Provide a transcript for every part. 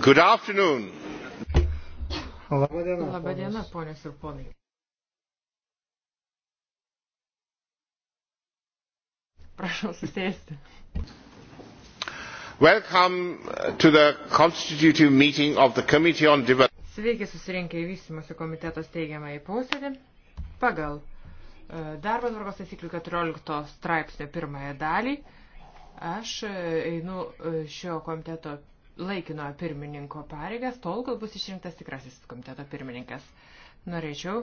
Good afternoon. Labadiena, Labadiena ponios ir ponai. Prašau susėsti. Welcome to the constitutive meeting of the Committee on Development. Sveiki susirinkę į vystimosi komiteto steigiamą į posėdį. Pagal e, darbo tvarkos taisyklių 14 straipsnio pirmąją dalį aš e, einu e, šio komiteto laikinojo pirmininko pareigas, tol, kol bus išrinktas tikrasis komiteto pirmininkas. Norėčiau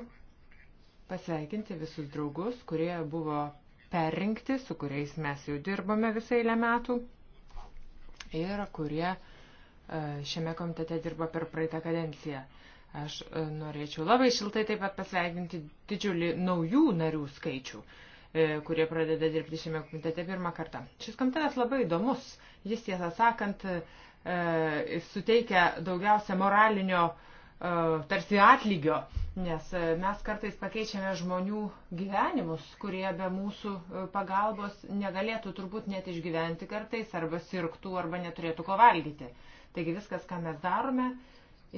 pasveikinti visus draugus, kurie buvo perrinkti, su kuriais mes jau dirbome visą eilę metų ir kurie e, šiame komitete dirbo per praeitą kadenciją. Aš e, norėčiau labai šiltai taip pat pasveikinti didžiulį naujų narių skaičių e, kurie pradeda dirbti šiame komitete pirmą kartą. Šis komitetas labai įdomus. Jis, tiesą sakant, uh, E, suteikia daugiausia moralinio e, tarsi atlygio, nes e, mes kartais pakeičiame žmonių gyvenimus, kurie be mūsų pagalbos negalėtų turbūt net išgyventi kartais, arba sirgtų, arba neturėtų ko valgyti. Taigi viskas, ką mes darome,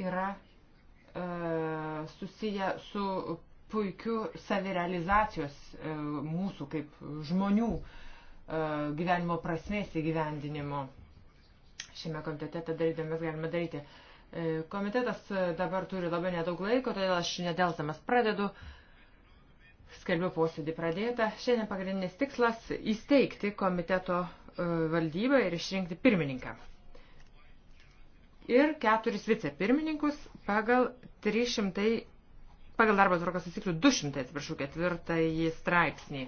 yra e, susiję su puikiu savirealizacijos e, mūsų kaip žmonių e, gyvenimo prasmės įgyvendinimu šiame komitete tą darydami mes galime daryti. E, komitetas e, dabar turi labai nedaug laiko, todėl aš nedelsamas pradedu. Skelbiu posėdį pradėtą. Šiandien pagrindinis tikslas – įsteigti komiteto e, valdybą ir išrinkti pirmininką. Ir keturis vicepirmininkus pagal 300, pagal darbo tvarkos taisyklių 200, atsiprašau, ketvirtąjį straipsnį.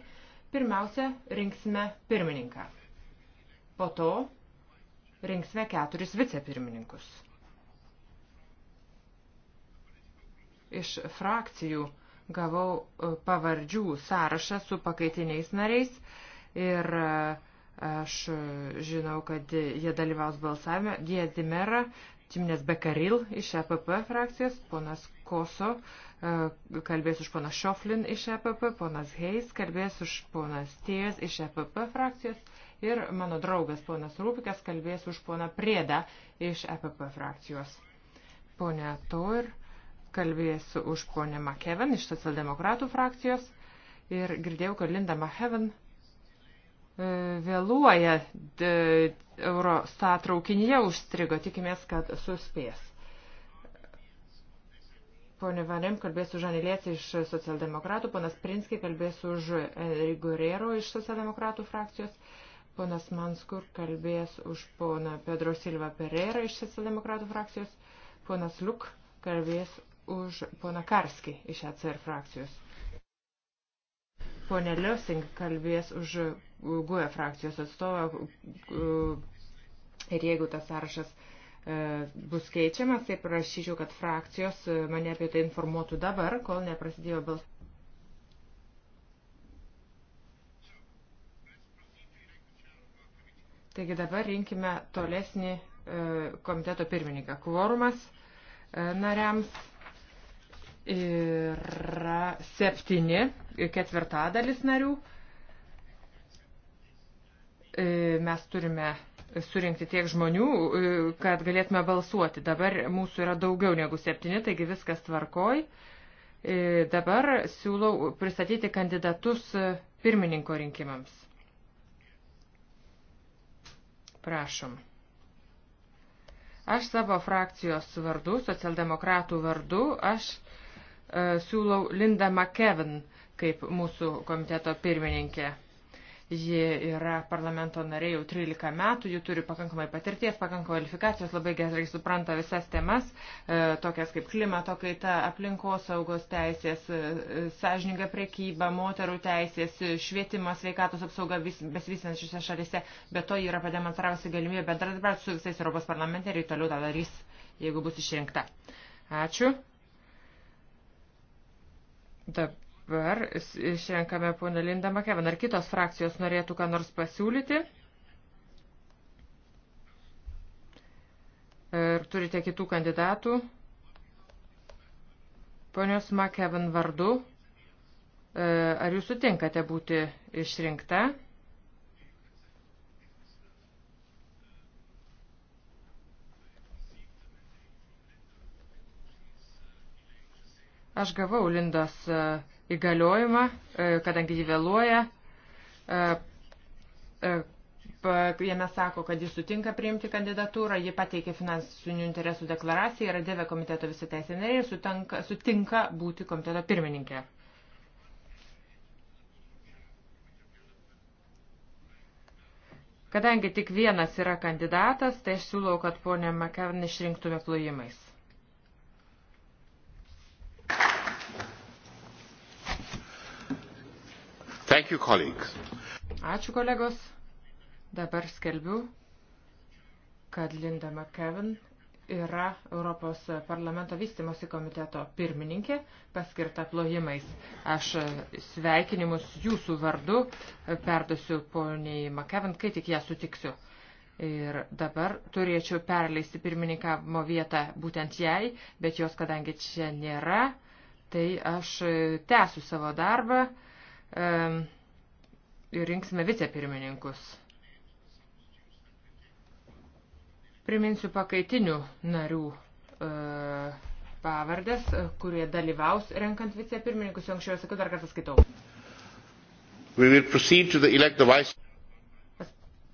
Pirmiausia, rinksime pirmininką. Po to rinksime keturis vicepirmininkus. Iš frakcijų gavau e, pavardžių sąrašą su pakaitiniais nariais ir e, aš žinau, kad jie dalyvaus balsavime. Diedimera, Timnės Bekaril iš EPP frakcijos, ponas Koso e, kalbės už ponas Šoflin iš EPP, ponas Heis kalbės už ponas Tėjas iš EPP frakcijos ir mano draugas ponas Rūpikas kalbės už poną Priedą iš EPP frakcijos. Pone Tor kalbės už ponę McKevin iš socialdemokratų frakcijos ir girdėjau, kad Linda McKevin e, vėluoja Eurostat traukinyje užstrigo, tikimės, kad suspės. Pone Vanem kalbės už Anilės iš socialdemokratų, ponas Prinskiai kalbės už Rigorero iš socialdemokratų frakcijos Ponas Manskur kalbės už poną Pedro Silva Pereira iš socialdemokratų frakcijos. Ponas Luk kalbės už poną Karskį iš ACR e frakcijos. Pone Liosing kalbės už GUE frakcijos atstovą ir jeigu tas sąrašas e, bus keičiamas, tai prašyčiau, kad frakcijos e, mane apie tai informuotų dabar, kol neprasidėjo balsavimas. Taigi dabar rinkime tolesnį e, komiteto pirmininką. Kvorumas e, nariams yra septyni, ketvirtadalis narių. E, mes turime surinkti tiek žmonių, kad galėtume balsuoti. Dabar mūsų yra daugiau negu septyni, taigi viskas tvarkoj. Dabar siūlau pristatyti kandidatus pirmininko rinkimams. Prašom. Aš savo frakcijos vardu, socialdemokratų vardu, aš e, siūlau Lindą McKevin kaip mūsų komiteto pirmininkė. Ji yra parlamento narė jau 13 metų, ji turi pakankamai patirties, pakankamai kvalifikacijos, labai gerai supranta visas temas, e, tokias kaip klimato kaita, aplinkosaugos teisės, e, e, sąžininga priekyba, moterų teisės, švietimas, sveikatos apsauga vis, besivysinančiose šalise. Be to, ji yra pademonstravusi galimybę bendradarbiauti su visais Europos parlamente ir toliau tą darys jeigu bus išrinkta. Ačiū. Dab, Dabar išrenkame ponę Lindą Makevan. Ar kitos frakcijos norėtų ką nors pasiūlyti? Ir turite kitų kandidatų? Ponios Makevan vardu. E, ar jūs sutinkate būti išrinkta? Aš gavau Lindos e, įgaliojimą, e, kadangi jį vėluoja. E, jame sako, kad jis sutinka priimti kandidatūrą, ji pateikė finansinių interesų deklaraciją, yra dėvė komiteto visi teisė nariai ir sutinka, sutinka būti komiteto pirmininkė. Kadangi tik vienas yra kandidatas, tai aš siūlau, kad ponė Makarn išrinktume plojimais. Thank you, colleagues. Ačiū kolegos. Dabar skelbiu, kad Linda McKevin yra Europos parlamento vystimosi komiteto pirmininkė, paskirta plojimais. Aš sveikinimus jūsų vardu perdusiu poniai McKevin, kai tik ją sutiksiu. Ir dabar turėčiau perleisti pirmininkavimo vietą būtent jai, bet jos, kadangi čia nėra, tai aš tęsiu savo darbą rinksime vicepirmininkus. Priminsiu pakaitinių narių e, pavardės, e, kurie dalyvaus renkant vicepirmininkus. Jau anksčiau sakiau, dar kartą skaitau.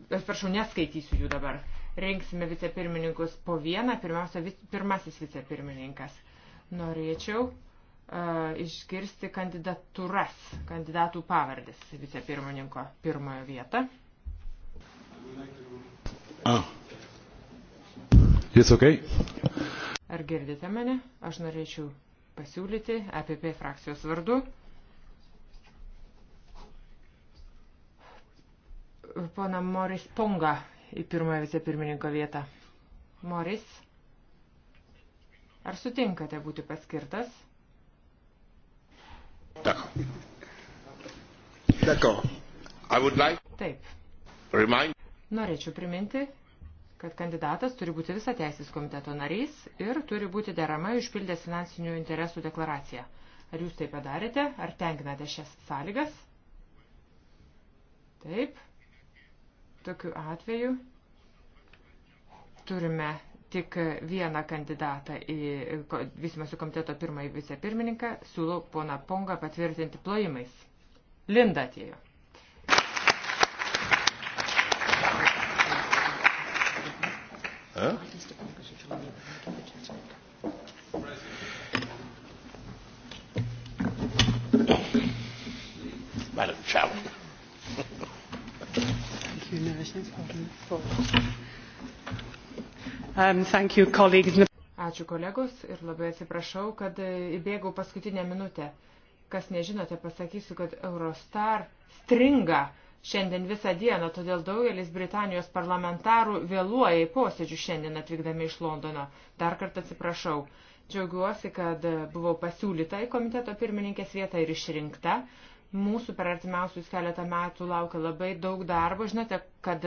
Aš prašau, neskaitysiu jų dabar. Rinksime vicepirmininkus po vieną, pirmiausia, vis, pirmasis vicepirmininkas. Norėčiau išgirsti kandidatūras, kandidatų pavardės vicepirmininko pirmojo vietą. Ah. Jis ok? Ar girdite mane? Aš norėčiau pasiūlyti APP frakcijos vardu. Pona Moris Ponga į pirmąją vicepirmininko vietą. Moris, ar sutinkate būti paskirtas? Taip. Norėčiau priminti, kad kandidatas turi būti visą teisės komiteto narys ir turi būti deramai išpildęs finansinių interesų deklaraciją. Ar jūs tai padarėte? Ar tenkinate šias sąlygas? Taip. Tokiu atveju turime tik vieną kandidatą į Vysimasių komiteto pirmąjį vicepirmininką, siūlau poną Pongą patvirtinti plojimais. Linda atėjo. A? Madam Chairman. Thank you, National Parliament. Um, thank you, colleagues. Ačiū kolegos ir labai atsiprašau, kad e, įbėgau paskutinę minutę. Kas nežinote, pasakysiu, kad Eurostar stringa šiandien visą dieną, todėl daugelis Britanijos parlamentarų vėluoja į posėdžių šiandien atvykdami iš Londono. Dar kartą atsiprašau. Džiaugiuosi, kad e, buvau pasiūlyta į komiteto pirmininkės vietą ir išrinkta. Mūsų per artimiausius keletą metų laukia labai daug darbo. Žinote, kad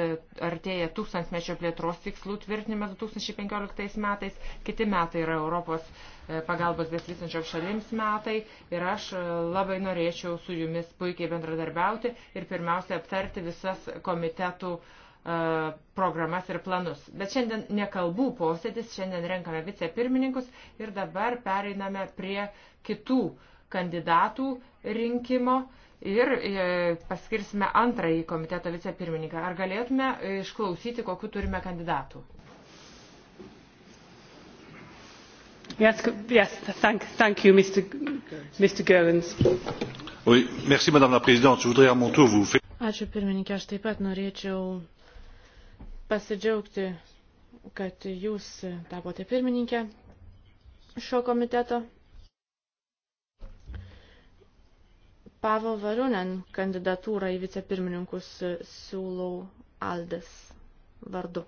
artėja tūkstantmečio plėtros tikslų tvirtinimas 2015 metais, kiti metai yra Europos e, pagalbos besivystančioms šalims metai ir aš e, labai norėčiau su jumis puikiai bendradarbiauti ir pirmiausia aptarti visas komitetų e, programas ir planus. Bet šiandien nekalbų posėdis, šiandien renkame vicepirmininkus ir dabar pereiname prie kitų uh, kandidatų rinkimo ir e, paskirsime antrąjį komiteto vicepirmininką. Ar galėtume išklausyti, kokiu turime kandidatų? Yes, yes, thank, thank you, Mr. Mr. Goins. Oui, merci, Madame la Présidente. Je voudrais à mon tour vous faire. Ačiū pirmininkė, aš taip pat norėčiau pasidžiaugti, kad jūs tapote pirmininkė šio komiteto Pavel Variunen kandidatūrą į vicepirmininkus siūlau Aldės vardu.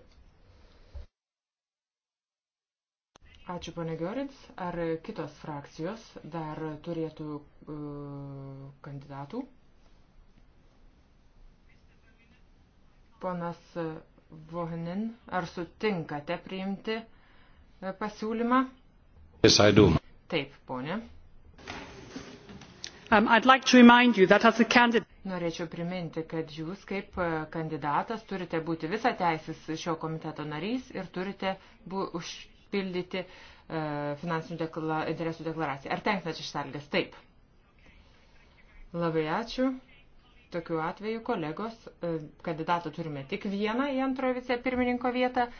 Ačiū, pane Giorins. Ar kitos frakcijos dar turėtų uh, kandidatų? Ponas Vohnin, ar sutinkate priimti e, pasiūlymą? Yes, I do. Taip, ponė. Um, I'd like to remind you that as a candidate. Norėčiau priminti, kad jūs kaip uh, kandidatas turite būti visą teisės šio komiteto narys ir turite bu, užpildyti uh, finansinių dekla, interesų deklaraciją. Ar tenkinat išsalgės? Taip. Labai ačiū. Tokiu atveju, kolegos, uh, kandidatą turime tik vieną į antrojo vicepirmininko vietą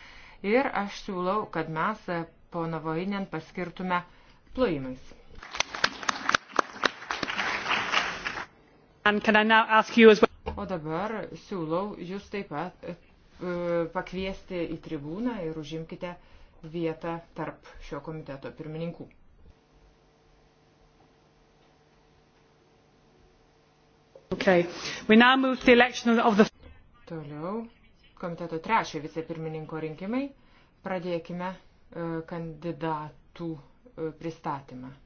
ir aš siūlau, kad mes uh, pono Voinien paskirtume plojimais. O dabar siūlau jūs taip pat e, pakviesti į tribūną ir užimkite vietą tarp šio komiteto pirmininkų. Okay. The... Toliau komiteto trečio vicepirmininko rinkimai. Pradėkime e, kandidatų e, pristatymą.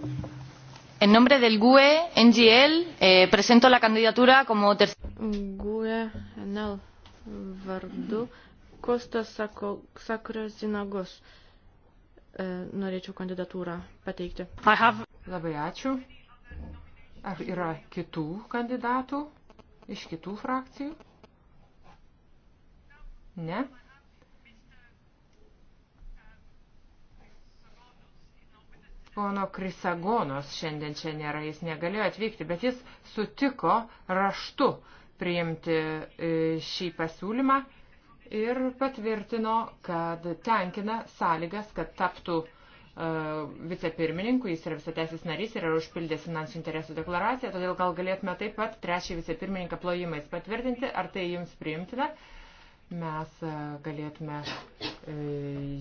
Thank you. En nombre del GUE NGL eh, presento la candidatura como GUE NL vardu Kostas Sakras Zinagos. E, norėčiau kandidatūrą pateikti. Have... Labai ačiū. Ar yra kitų kandidatų iš kitų frakcijų? Ne. Pono Krisagonos šiandien čia nėra, jis negalėjo atvykti, bet jis sutiko raštu priimti e, šį pasiūlymą ir patvirtino, kad tenkina sąlygas, kad taptų uh, vicepirmininku, jis yra visateisis narys ir yra užpildęs finansų interesų deklaraciją, todėl gal galėtume taip pat trečią vicepirmininką plojimais patvirtinti, ar tai jums priimtina. Uh, mes e, galėtume e,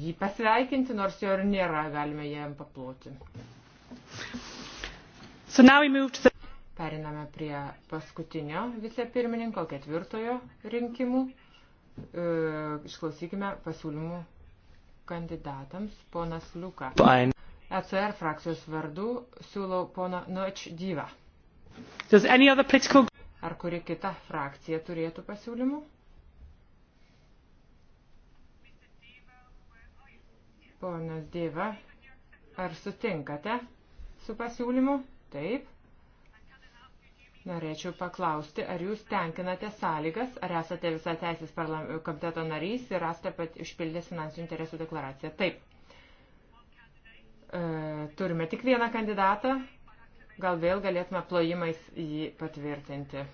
jį pasveikinti, nors jo ir nėra, galime jam paploti. So the... Periname prie paskutinio vicepirmininko, ketvirtojo rinkimų. E, išklausykime pasiūlymų kandidatams. Ponas Liuka. Pain. ECR frakcijos vardu siūlau poną Noč Dyvą. Political... Ar kuri kita frakcija turėtų pasiūlymų? Ponas Dėva, ar sutinkate su pasiūlymu? Taip. Norėčiau paklausti, ar jūs tenkinate sąlygas, ar esate visą teisės komiteto narys ir esate pat išpildęs finansinių interesų deklaraciją. Taip. E, turime tik vieną kandidatą, gal vėl galėtume plojimais jį patvirtinti.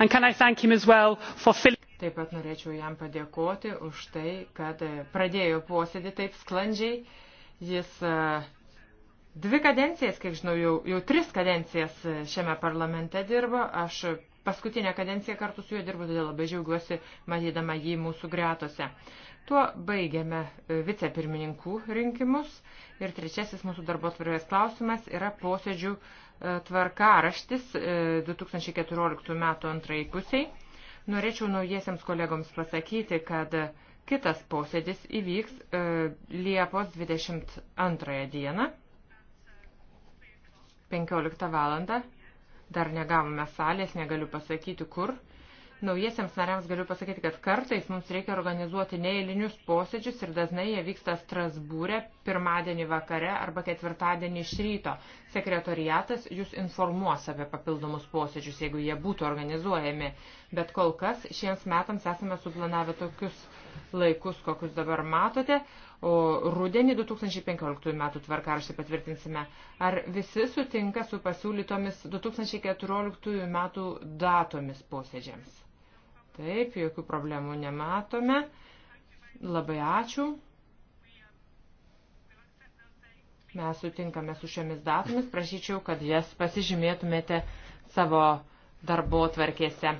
And can I thank him as well for filling Taip pat norėčiau jam padėkoti už tai, kad e, pradėjo posėdį taip sklandžiai. Jis e, dvi kadencijas, kiek žinau, jau, jau tris kadencijas e, šiame parlamente dirbo. Aš paskutinę kadenciją kartu su juo dirbu, todėl labai džiaugiuosi matydama jį mūsų gretose. Tuo baigiame vicepirmininkų rinkimus ir trečiasis mūsų darbo tvarkės klausimas yra posėdžių tvarkaraštis 2014 metų antrai pusiai. Norėčiau naujiesiams kolegoms pasakyti, kad kitas posėdis įvyks e, Liepos 22 dieną, 15 valandą. Dar negavome salės, negaliu pasakyti kur. Naujiesiams nariams galiu pasakyti, kad kartais mums reikia organizuoti neįlinius posėdžius ir dažnai jie vyksta Strasbūrė pirmadienį vakare arba ketvirtadienį iš ryto. Sekretoriatas jūs informuos apie papildomus posėdžius, jeigu jie būtų organizuojami. Bet kol kas šiems metams esame suplanavę tokius laikus, kokius dabar matote o rudenį 2015 metų tvarkaraštį patvirtinsime. Ar visi sutinka su pasiūlytomis 2014 metų datomis posėdžiams? Taip, jokių problemų nematome. Labai ačiū. Mes sutinkame su šiomis datomis. Prašyčiau, kad jas pasižymėtumėte savo darbo tvarkėse.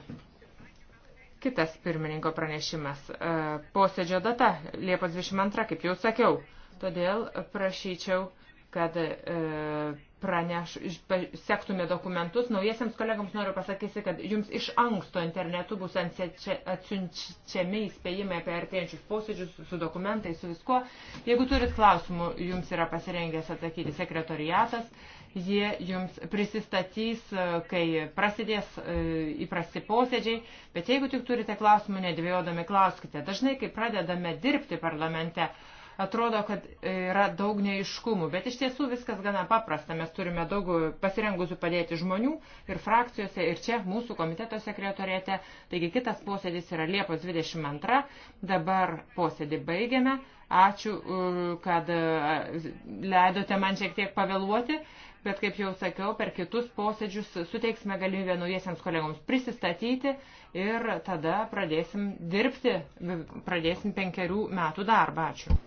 Kitas pirmininko pranešimas. E, posėdžio data - Liepos 22, kaip jau sakiau. Todėl prašyčiau, kad e, praneš, sektume dokumentus. Naujiesiams kolegams noriu pasakysi, kad jums iš anksto internetu bus atsiunčiami įspėjimai apie artėjančius posėdžius su dokumentais, su viskuo. Jeigu turit klausimų, jums yra pasirengęs atsakyti sekretoriatas Jie jums prisistatys, e, kai prasidės e, įprasti posėdžiai, bet jeigu tik turite klausimų, nedvėjodami klauskite. Dažnai, kai pradedame dirbti parlamente, atrodo, kad yra daug neiškumų, bet iš tiesų viskas gana paprasta. Mes turime daug pasirengusių padėti žmonių ir frakcijose, ir čia mūsų komiteto sekretorėte. Taigi kitas posėdis yra Liepos 22. Dabar posėdį baigiame. Ačiū, e, kad leidote man šiek tiek pavėluoti bet kaip jau sakiau, per kitus posėdžius suteiksime galimybę naujiesiams kolegoms prisistatyti ir tada pradėsim dirbti, pradėsim penkerių metų darbą. Ačiū.